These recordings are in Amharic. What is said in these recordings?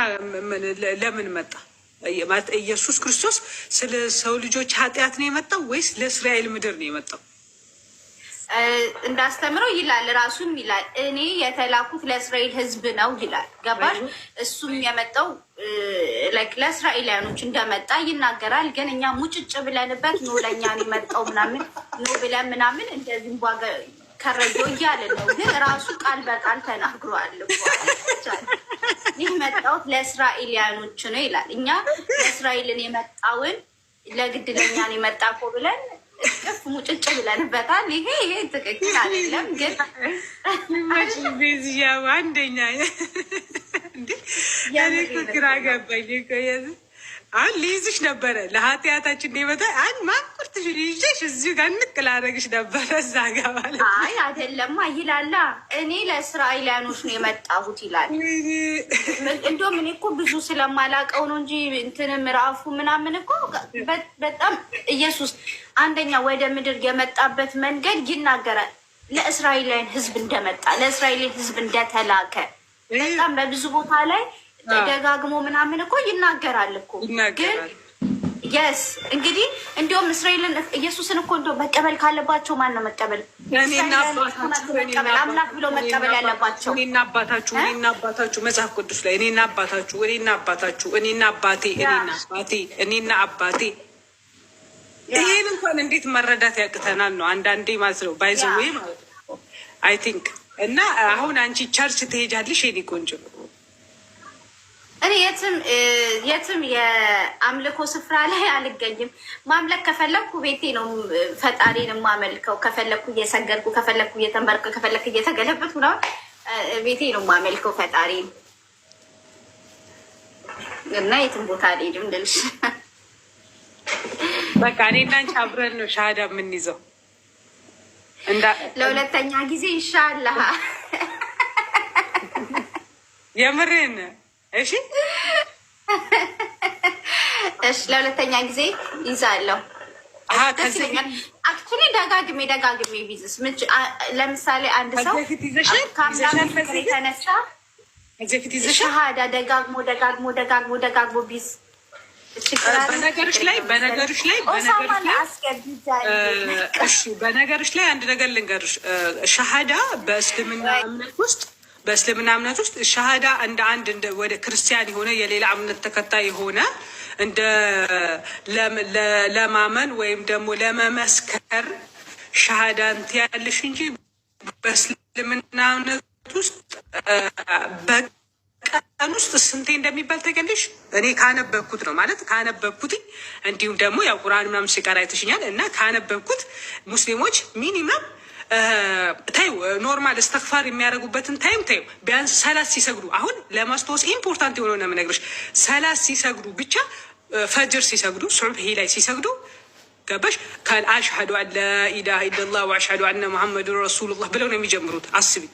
ገና ለምን መጣ? ኢየሱስ ክርስቶስ ስለ ሰው ልጆች ኃጢአት ነው የመጣው ወይስ ለእስራኤል ምድር ነው የመጣው? እንዳስተምረው ይላል፣ ራሱም ይላል እኔ የተላኩት ለእስራኤል ህዝብ ነው ይላል። ገባሽ? እሱም የመጣው ለእስራኤላያኖች እንደመጣ ይናገራል። ግን እኛ ሙጭጭ ብለንበት ኖ ለእኛ ነው የመጣው ምናምን ኖ ብለን ምናምን እንደዚህ ከረጆ እያለ ነው። ግን ራሱ ቃል በቃል ተናግሯል። ይህ መጣሁት ለእስራኤልያኖች ነው ይላል። እኛ ለእስራኤልን የመጣውን ለግድ ለእኛን የመጣ እኮ ብለን እቅፍ ሙጭጭ ብለንበታል። ይሄ ይሄ ትክክል አይደለም። ግን ዚያ አንደኛ ግራ ገባኝ። አሁን ሊይዝሽ ነበረ ለኃጢአታችን ዴበታ አንድ ማ ሁለትሽን ይዤሽ እዚሁ ጋር እንቅላረግሽ ነበረ እዛ ጋ ማለት አይ አይደለማ ይላላ። እኔ ለእስራኤላኖች ነው የመጣሁት ይላል። እንደውም እኔ እኮ ብዙ ስለማላቀው ነው እንጂ እንትን ምዕራፉ ምናምን እኮ በጣም ኢየሱስ አንደኛ ወደ ምድር የመጣበት መንገድ ይናገራል። ለእስራኤላውያን ሕዝብ እንደመጣ ለእስራኤልን ህዝብ እንደተላከ በጣም በብዙ ቦታ ላይ ደጋግሞ ምናምን እኮ ይናገራል እኮ ግን የስ እንግዲህ እንዲሁም እስራኤልን ኢየሱስን እኮ እንዲያውም መቀበል ካለባቸው ማን ነው መቀበል? አምላክ ብሎ መቀበል ያለባቸው እኔና አባታችሁ እኔና አባታችሁ መጽሐፍ ቅዱስ ላይ እኔና አባታችሁ እኔና አባታችሁ እኔና አባቴ እኔና አባቴ እኔና አባቴ ይህን እንኳን እንዴት መረዳት ያቅተናል ነው አንዳንዴ ማለት ነው ባይዘዌ ማለት ነው አይ ቲንክ እና አሁን አንቺ ቸርች ትሄጃለሽ የኔ ቆንጆ እኔ የትም የትም የአምልኮ ስፍራ ላይ አልገኝም። ማምለክ ከፈለግኩ ቤቴ ነው ፈጣሪን የማመልከው። ከፈለግኩ እየሰገድኩ፣ ከፈለግኩ እየተንበርክ፣ ከፈለግኩ እየተገለበጥኩ ነው ቤቴ ነው የማመልከው ፈጣሪ እና የትም ቦታ አልሄድም ልልሽ። በቃ እኔ እና አንቺ አብረን ነው ሻሃዳ የምንይዘው ለሁለተኛ ጊዜ ይሻላ የምርን እሺ እሺ፣ ለሁለተኛ ጊዜ ይዛለሁ። አክቹሊ ደጋግሜ ደጋግሜ ቢዝስ ለምሳሌ አንድ ሰው ከአምላክ ሻሃዳ ደጋግሞ ደጋግሞ ደጋግሞ ደጋግሞ ቢዝ በነገሮች ላይ በነገሮች ላይ በነገሮች ላይ አንድ ነገር ልንገርሽ፣ ሻሃዳ በእስልምና እምነት ውስጥ በእስልምና እምነት ውስጥ ሻሃዳ እንደ አንድ ወደ ክርስቲያን የሆነ የሌላ እምነት ተከታይ የሆነ እንደ ለማመን ወይም ደግሞ ለመመስከር እንት ያለሽ እንጂ በእስልምና እምነት ውስጥ በቀን ውስጥ ስንቴ እንደሚባል ተገልሽ እኔ ካነበብኩት ነው ማለት ካነበብኩት፣ እንዲሁም ደግሞ ያው ቁርአን ምናምን ሲቀራ ይተሽኛል እና ካነበብኩት ሙስሊሞች ሚኒመም ታዩ ኖርማል እስተክፋር የሚያደርጉበትን ታይም ታዩ። ቢያንስ ሰላት ሲሰግዱ አሁን ለማስታወስ ኢምፖርታንት የሆነ ነው የምነግርሽ። ሰላት ሲሰግዱ ብቻ ፈጅር ሲሰግዱ ሱብሂ ላይ ሲሰግዱ ገባሽ ከአሽሀዱ አን ላኢላሃ ኢለላህ ወአሽሀዱ አነ ሙሐመዱ ረሱሉላህ ብለው ነው የሚጀምሩት። አስቢ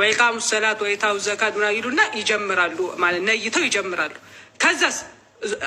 ወኢቃሙ ሰላት ወኢታው ዘካት ምናምን ይሉና ይጀምራሉ ማለት ነይተው ይጀምራሉ። ከዛስ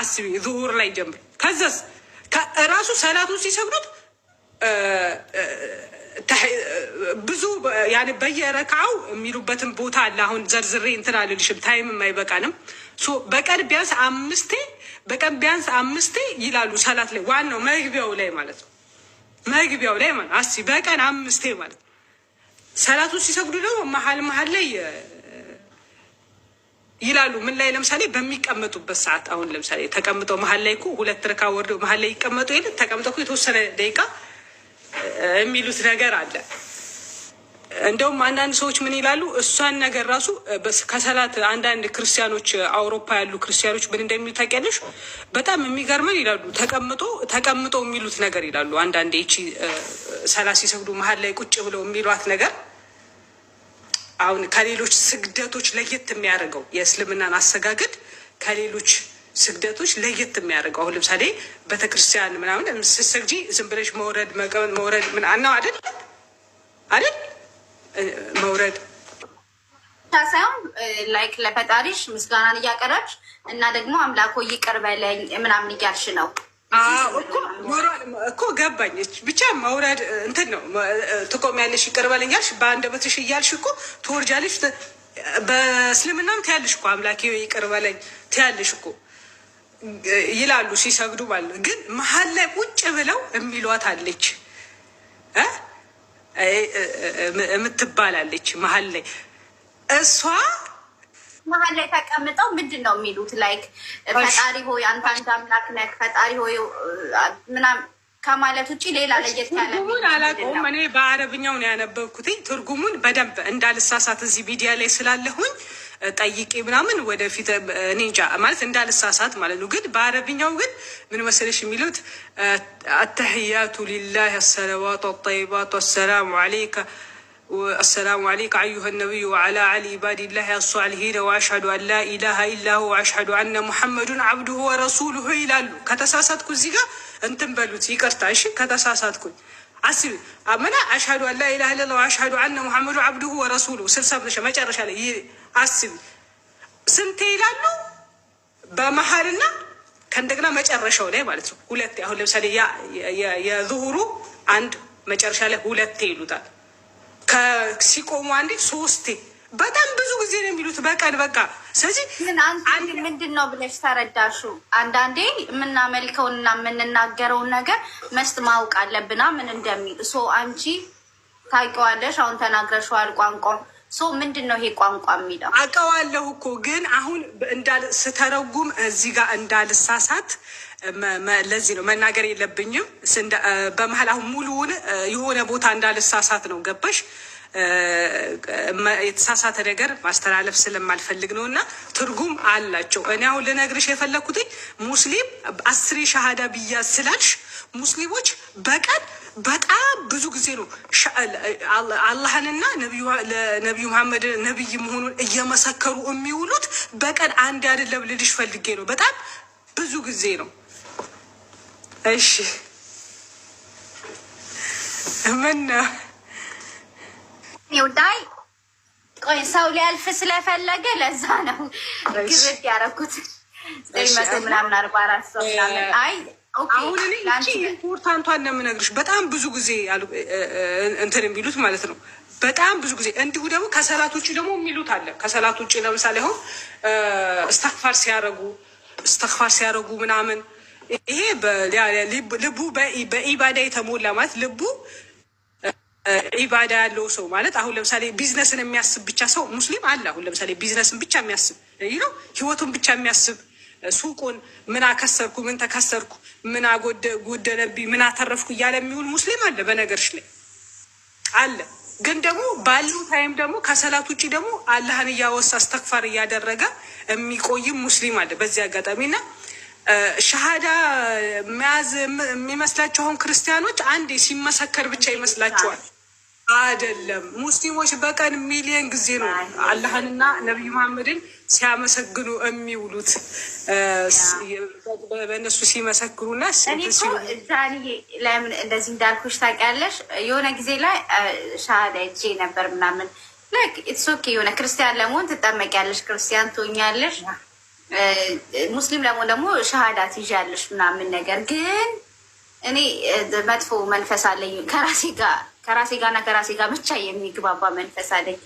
አስቢ ዙሁር ላይ ይጀምር ከዛስ ራሱ ሰላቱን ሲሰግዱት ብዙ ያን በየረካው የሚሉበትን ቦታ አለ። አሁን ዘርዝሬ እንትን አልልሽም፣ ታይምም አይበቃንም። በቀን ቢያንስ አምስቴ በቀን ቢያንስ አምስቴ ይላሉ ሰላት ላይ ዋናው መግቢያው ላይ ማለት ነው። መግቢያው ላይ ማለት አስ በቀን አምስቴ ማለት ሰላቱን ሲሰግዱ ደግሞ መሀል መሀል ላይ ይላሉ። ምን ላይ ለምሳሌ በሚቀመጡበት ሰዓት አሁን ለምሳሌ ተቀምጠው መሀል ላይ እኮ ሁለት ረካ ወርደው መሀል ላይ ይቀመጡ የለ ተቀምጠው የተወሰነ ደቂቃ የሚሉት ነገር አለ። እንደውም አንዳንድ ሰዎች ምን ይላሉ? እሷን ነገር ራሱ ከሰላት አንዳንድ ክርስቲያኖች አውሮፓ ያሉ ክርስቲያኖች ምን እንደሚሉ ታውቂያለሽ? በጣም የሚገርመን ይላሉ። ተቀምጦ ተቀምጦ የሚሉት ነገር ይላሉ። አንዳንድ ይቺ ሰላት ሲሰግዱ መሀል ላይ ቁጭ ብለው የሚሏት ነገር አሁን ከሌሎች ስግደቶች ለየት የሚያደርገው የእስልምናን አሰጋገድ ከሌሎች ስግደቶች ለየት የሚያደርገው አሁን ለምሳሌ ቤተክርስቲያን ምናምን ስትሰግጂ ዝም ብለሽ መውረድ መውረድ ምን አናው አይደል አይደል መውረድ ሳይሆን ላይክ ለፈጣሪሽ ምስጋናን እያቀረብሽ እና ደግሞ አምላኮ ይቅር በለኝ ምናምን እያልሽ ነው እኮ ገባኝ። ብቻ መውረድ እንትን ነው። ትቆም ያለሽ ይቅር በለኝ እያልሽ በትሽ እያልሽ እኮ ትወርጃለሽ። በእስልምናም ትያለሽ እኮ አምላኬ ይቅር በለኝ ትያለሽ እኮ ይላሉ ሲሰግዱ ማለት ነው። ግን መሀል ላይ ቁጭ ብለው የሚሏት አለች የምትባላለች መሀል ላይ እሷ መሀል ላይ ተቀምጠው ምንድን ነው የሚሉት? ላይክ ፈጣሪ ሆይ አንተ አንድ አምላክ ነህ፣ ፈጣሪ ሆይ ምናምን ከማለት ውጭ ሌላ ለየት ያለ አላውቀውም። እኔ በአረብኛው ነው ያነበብኩትኝ ትርጉሙን በደንብ እንዳልሳሳት እዚህ ሚዲያ ላይ ስላለሁኝ ጠይቄ ምናምን ወደፊት እኔ እንጃ ማለት እንዳልሳሳት ማለት ነው። ግን በአረብኛው ግን ምን መሰለሽ የሚሉት አተሕያቱ ሊላህ አሰለዋቱ አጠይባቱ አሰላሙ አለይከ አሰላሙ አለይከ አዩሃ ነቢዩ ወዓላ አሊ ኢባዲላህ አሷልሂነ ወአሽሀዱ አን ላ ኢላሃ ኢላሁ ወአሽሀዱ አነ ሙሐመዱን አብዱሁ ወረሱሉሁ ይላሉ። ከተሳሳትኩ እዚህ ጋር እንትን በሉት ይቅርታ። እሺ ከተሳሳትኩኝ አስቢ አመና አሽሀዱ አን ላ ኢላሃ ኢለላህ ወአሽሀዱ አነ ሙሐመዱ አብዱሁ ወረሱሉሁ ስብሰብ መጨረሻ ላይ አስቢ። ስንቴ ይላሉ በመሀልና ከእንደገና መጨረሻው ላይ ማለት ነው። ሁለት አሁን ለምሳሌ የዙሁሩ አንድ መጨረሻ ላይ ሁለቴ ይሉታል። ከሲቆሙ አንዴ ሶስቴ በጣም ብዙ ጊዜ ነው የሚሉት በቀን በቃ። ስለዚህ አንድ ምንድን ነው ብለሽ ተረዳሹ። አንዳንዴ የምናመልከውንና የምንናገረውን ነገር መስጥ ማወቅ አለብና ምን እንደሚል ሶ አንቺ ታውቂዋለሽ። አሁን ተናግረሽዋል ቋንቋ ሶ ምንድን ነው ይሄ ቋንቋ የሚለው አውቀዋለሁ እኮ ግን አሁን ስተረጉም እዚህ ጋር እንዳልሳሳት ለዚህ ነው መናገር የለብኝም። በመሀል አሁን ሙሉውን የሆነ ቦታ እንዳልሳሳት ነው ገባሽ? የተሳሳተ ነገር ማስተላለፍ ስለማልፈልግ ነው። እና ትርጉም አላቸው። እኔ አሁን ልነግርሽ የፈለግኩትኝ ሙስሊም አስሬ ሻሃዳ ብያ ስላልሽ ሙስሊሞች በቀን በጣም ብዙ ጊዜ ነው አላህንና ነቢዩ መሐመድ ነቢይ መሆኑን እየመሰከሩ የሚውሉት። በቀን አንድ አይደለም ልልሽ ፈልጌ ነው። በጣም ብዙ ጊዜ ነው። እሺ ምን ይውዳይ ቆይ፣ ሰው ሊያልፍ ስለፈለገ ለዛ ነው ግብት ያረኩት ዘጠኝ መቶ ምናምን አርባ አራት ሰው ምናምን አይ አሁን እኔ እቺ ኢምፖርታንቷን ነው የምነግርሽ። በጣም ብዙ ጊዜ እንትን የሚሉት ማለት ነው። በጣም ብዙ ጊዜ እንዲሁ ደግሞ ከሰላት ውጭ ደግሞ የሚሉት አለ። ከሰላት ውጭ ለምሳሌ አሁን እስተክፋር ሲያረጉ እስተክፋር ሲያረጉ ምናምን ይሄ ልቡ በኢባዳ የተሞላ ማለት ልቡ ኢባዳ ያለው ሰው ማለት አሁን ለምሳሌ ቢዝነስን የሚያስብ ብቻ ሰው ሙስሊም አለ። አሁን ለምሳሌ ቢዝነስን ብቻ የሚያስብ ይኸው ህይወቱን ብቻ የሚያስብ ሱቁን ምን አከሰርኩ ምን ተከሰርኩ ምን ጎደለብኝ፣ ምን አተረፍኩ እያለ የሚውል ሙስሊም አለ። በነገርሽ ላይ አለ። ግን ደግሞ ባሉ ታይም ደግሞ ከሰላት ውጭ ደግሞ አላህን እያወሳ አስተክፋር እያደረገ የሚቆይም ሙስሊም አለ። በዚህ አጋጣሚ ሸሃዳ መያዝ የሚመስላቸው አሁን ክርስቲያኖች አንዴ ሲመሰከር ብቻ ይመስላቸዋል። አይደለም። ሙስሊሞች በቀን ሚሊየን ጊዜ ነው አላህንና ነቢይ መሐመድን ሲያመሰግኑ የሚውሉት በእነሱ ሲመሰክሩና ዛንዬ ለምን እንደዚህ እንዳልኩሽ ታውቂያለሽ? የሆነ ጊዜ ላይ ሻሃዳ እጄ ነበር ምናምን ኢትስ ኦኬ። የሆነ ክርስቲያን ለመሆን ትጠመቂያለሽ፣ ክርስቲያን ትሆኛለሽ። ሙስሊም ለመሆን ደግሞ ሻሃዳ ትይዣለሽ ምናምን ነገር ግን እኔ መጥፎ መንፈስ አለኝ ከራሴ ጋር ከራሴ ጋርና ከራሴ ጋር ብቻ የሚግባባ መንፈስ አለኝ።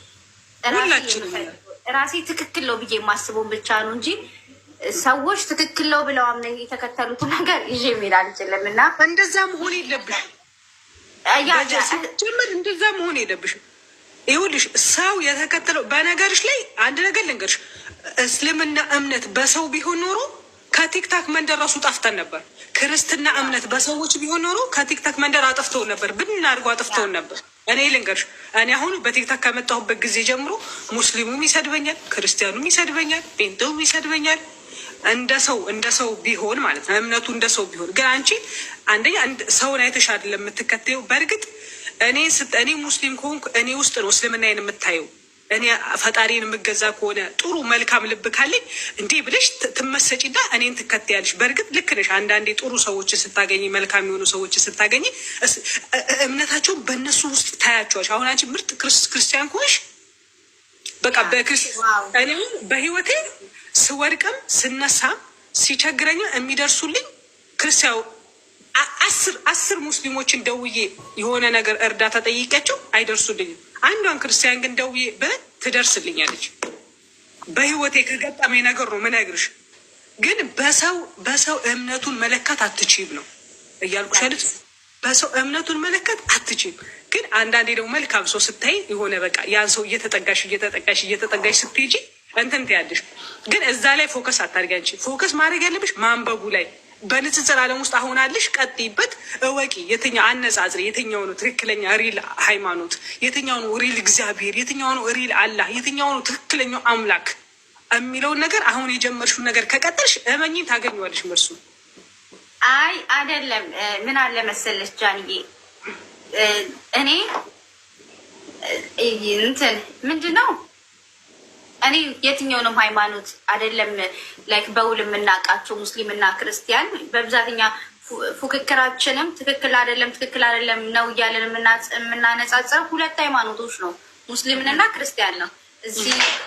ራሴ ትክክል ነው ብዬ የማስበውን ብቻ ነው እንጂ ሰዎች ትክክል ነው ብለው አምነኝ የተከተሉት ነገር ይዤ የሚል አልችልም። እና እንደዛ መሆን የለብሽም እንደዛ መሆን የለብሽም። ይኸውልሽ ሰው የተከተለው በነገርሽ ላይ አንድ ነገር ልንገርሽ፣ እስልምና እምነት በሰው ቢሆን ኖሮ ከቲክታክ መንደር ራሱ ጠፍተን ነበር። ክርስትና እምነት በሰዎች ቢሆን ኖሮ ከቲክታክ መንደር አጠፍተውን ነበር፣ ብናድርጎ አጠፍተውን ነበር። እኔ ልንገርሽ፣ እኔ አሁን በቲክታክ ከመጣሁበት ጊዜ ጀምሮ ሙስሊሙም ይሰድበኛል፣ ክርስቲያኑም ይሰድበኛል፣ ጴንጤውም ይሰድበኛል። እንደ ሰው እንደ ሰው ቢሆን ማለት ነው እምነቱ እንደ ሰው ቢሆን ግን አንቺ አንደኛ ሰውን አይተሽ አይደለም የምትከተየው። በእርግጥ እኔ ሙስሊም ከሆንኩ እኔ ውስጥ ነው እስልምናዬን የምታየው እኔ ፈጣሪን የምገዛ ከሆነ ጥሩ መልካም ልብ ካለኝ እንዲህ ብለሽ ትመሰጪና እኔን ትከተያለሽ። በእርግጥ ልክ ነሽ። አንዳንዴ ጥሩ ሰዎች ስታገኝ፣ መልካም የሆኑ ሰዎች ስታገኝ እምነታቸውን በእነሱ ውስጥ ታያቸዋለሽ። አሁን አንቺ ምርጥ ክርስቲያን ከሆንሽ በቃ በክርስቲያን በህይወቴ ስወድቅም ስነሳም ሲቸግረኝ የሚደርሱልኝ ክርስቲያው አስር አስር ሙስሊሞችን ደውዬ የሆነ ነገር እርዳታ ጠይቂያቸው አይደርሱልኝም። አንዷን ክርስቲያን ግን ደውዬ በት ትደርስልኛለች። በህይወቴ ከገጠሜ ነገር ነው ምነግርሽ። ግን በሰው በሰው እምነቱን መለካት አትችም ነው እያልኩሽ አይደል? በሰው እምነቱን መለከት አትችም። ግን አንዳንዴ ደግሞ መልካም ሰው ስታይ የሆነ በቃ ያን ሰው እየተጠጋሽ እየተጠጋሽ እየተጠጋሽ ስትሄጂ እንትን ትያለሽ። ግን እዛ ላይ ፎከስ አታድርጊ አንቺ። ፎከስ ማድረግ ያለብሽ ማንበቡ ላይ በንጽጽር ዓለም ውስጥ አሁን አለሽ፣ ቀጥይበት፣ እወቂ። የትኛው አነጻጽሪ፣ የትኛው ነው ትክክለኛ ሪል ሃይማኖት፣ የትኛው ነው ሪል እግዚአብሔር፣ የትኛው ነው ሪል አላህ፣ የትኛው ነው ትክክለኛው አምላክ የሚለውን ነገር አሁን የጀመርሽው ነገር ከቀጠልሽ እመኝ ታገኘዋለሽ መርሱ። አይ አይደለም፣ ምን አለ መሰለሽ ጃንዬ፣ እኔ እንትን ምንድን ነው እኔ የትኛውንም ሃይማኖት አይደለም ላይክ በውል የምናውቃቸው ሙስሊም እና ክርስቲያን በብዛትኛ ፉክክራችንም ትክክል አይደለም ትክክል አይደለም ነው እያለን የምናነጻጸር ሁለት ሃይማኖቶች ነው፣ ሙስሊምንና ክርስቲያን ነው እዚህ